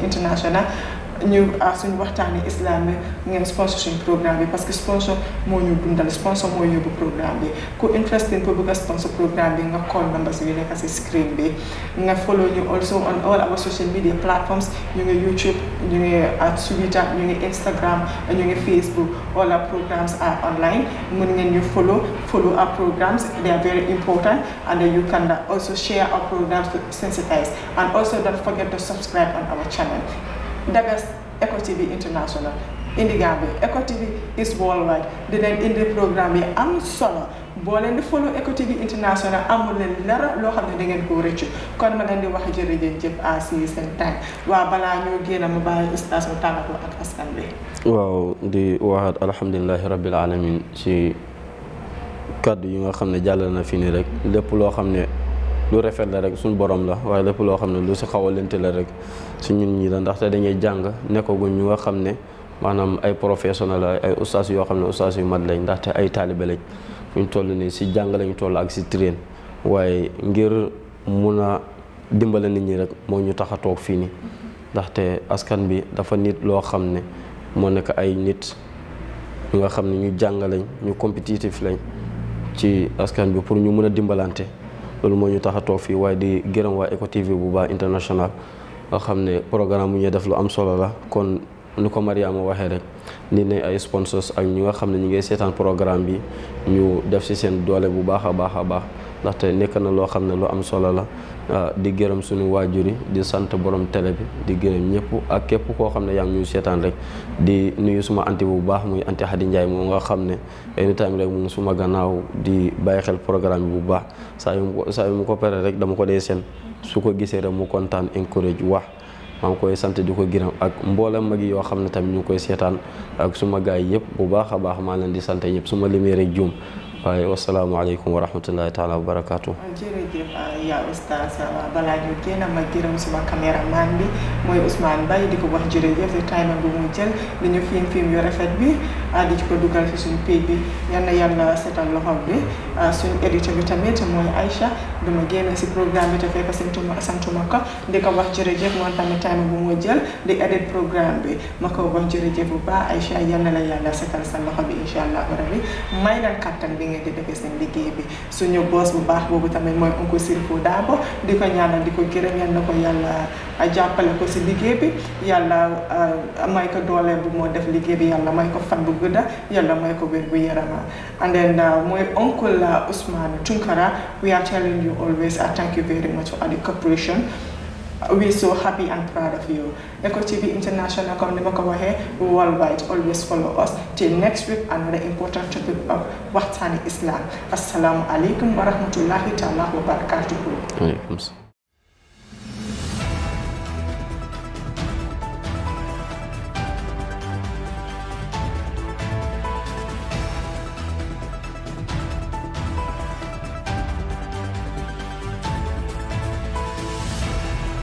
ñu ah, suñu waxtaani islam bi ngeen sponsor suñu programme bi parce que sponsor moo ñu dundal sponsor moo yóbbu programme bi ku interesting pour bëgg sponsor programme bi nga call numbers yu nekk si screen bi nga follow ñu also on all our social media platforms ñu ngi YouTube ñu ngi ah, Twitter ñu ngi Instagram ñu ngi Facebook all our programs are online mun ngeen ñu follow follow our programs they are very important and you can also share our programs to sensitize and also don't forget to subscribe the best International indi Gambie Eco TV is worldwide dinañ indi programme yi am solo boo leen di follow Eco International amul leen dara loo xam ne da koo rëccu kon ma leen di wax jërëjëf jëf à si seen time waaw balaa ñoo génn mu bàyyi ustaas ak askan bi waaw di waxaat alhamdulilahi rabbil alamin ci kaddu yi nga xam ne jàll na fi nii rek lépp loo xam ne lu rafet la rek suñu borom la waaye lépp loo xam ne lu si xaw a lente la rek si ñun ñi la ndaxte dañuy jàng nekkaguñ ñu nga xam ne maanaam ay professionnel la ay ustaas yoo xam ne ustaas yu mat lañ ndaxte ay taalibe lañ fu ñu toll nii si jàng lañ toll ak si train waaye ngir mun a dimbale nit ñi rek moo ñu tax a toog fii nii ndaxte askan bi dafa nit loo xam ne moo nekk ay nit ñu nga xam ne ñu jàng lañ ñu compétitif lañ ci askan bi pour ñu mun a dimbalante. loolu moo ñu tax a fii waaye di gërëm waa Eco bu baax international nga xam ne programme bu ñu def lu am solo la kon nu ko Mariama waxee rek ni ne ay sponsors ak ñi nga xam ne ñu ngi seetaan programme bi ñu def ci seen doole bu baax a baax a baax ndaxte nekk na loo xam ne lu am solo la waaw ah, di gërëm suñu waajur yi di sant borom tele bi di gërëm ñëpp ak képp koo xam ne yaa ngi ñuy seetaan rek di nuyu suma anti bu baax muy anti Xadi Njaay moom nga xam ne anytime rek mu ngi suma gannaaw di bàyyi xel programme bu baax saa yu mu ko yu mu ko rek dama ko dee seen su ko gisee rek mu kontaan encourage wax maa ngi koy sant di ko gërëm ak mboolem mag yoo xam ne tamit ñu ngi koy seetaan ak suma gaay yëpp bu baax a baax maa leen di sante ñëpp suma limee rek juum waaye wasalaamualeykum wa rahmatullahi taala wa barakaatu. Ah, ah, ah, bi mooy Ousmane Baye di ko wax jërëjëf di time bu jël di ñu film film yu rafet bi di ci ko bi yal na yàlla setal loxol bi suñu éditeur bi tamit mooy Aïcha du ma génn si programme bi te fekk santuma santuma ko di ko wax jërëjëf tamit time bu jël di edit programme bi ma ko wax jërëjëf bu baax Aïcha yal na la yàlla setal sa loxo bi incha allah rabbi may na kattan bi ngeen di defee seen liggéey bi suñu boos bu baax boobu tamit mooy oncle Sirifou Dabo di ko ñaanal di ko gërëm yal na ko yàlla jàppale ko si liggéey bi yàlla may ko dooleel bu moo def liggéey bi yàlla may ko fan bu gudda yàlla may ko wér bu yarama and then uh, mooy oncle uh, Ousmane Tunkara we are telling you always thank you very much for the cooperation we're so happy and proud of you Eco TV International comme ni ma ko waxee worldwide always follow us till next week another important topic of waxtaani islam asalaamualeykum wa rahmatullahi taala wa barakatuhu